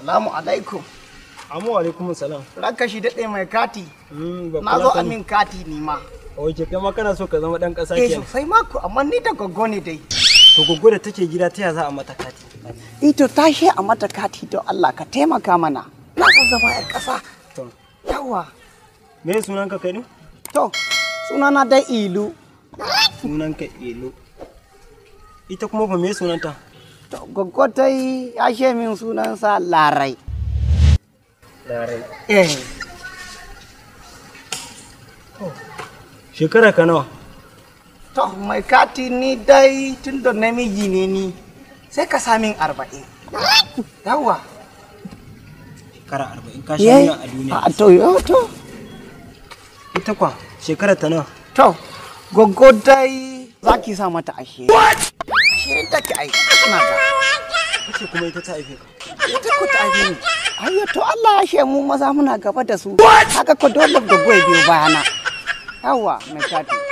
Salamu alaikum. Amu alaikum salam. Ranka shi daɗe mai kati. Hmm, Na zo amin kati ne ma. Oke kai ma kana so ka zama ɗan ƙasa eh, kenan. Eh sosai mako amma ni da gogo ne dai. To gogo da take gida ta za a mata kati. Ito tashi a mata kati don Allah ka taimaka mana. Na san zama 'yar ƙasa. To. Yawa. Me sunanka kai ne? To sunana dai Ilu. Sunanka Ilu. Ita kuma ba me sunanta? gwaggwatai ya she min sunansa larai larai eh shekara ka nawa to mai kati ni dai tun da namiji ne ni sai ka samin arba'in yawa shekara arba'in ka sha a duniya to to ita kwa shekara ta nawa to gwaggwatai za ki sa mata ashe ke take ai ina ga kace kuma ita ta aife ka ita ku ta aife ni ayyo to Allah ya shemu maza muna gaba da su haka ko dole da goyi biyo bayana yawa mai tafi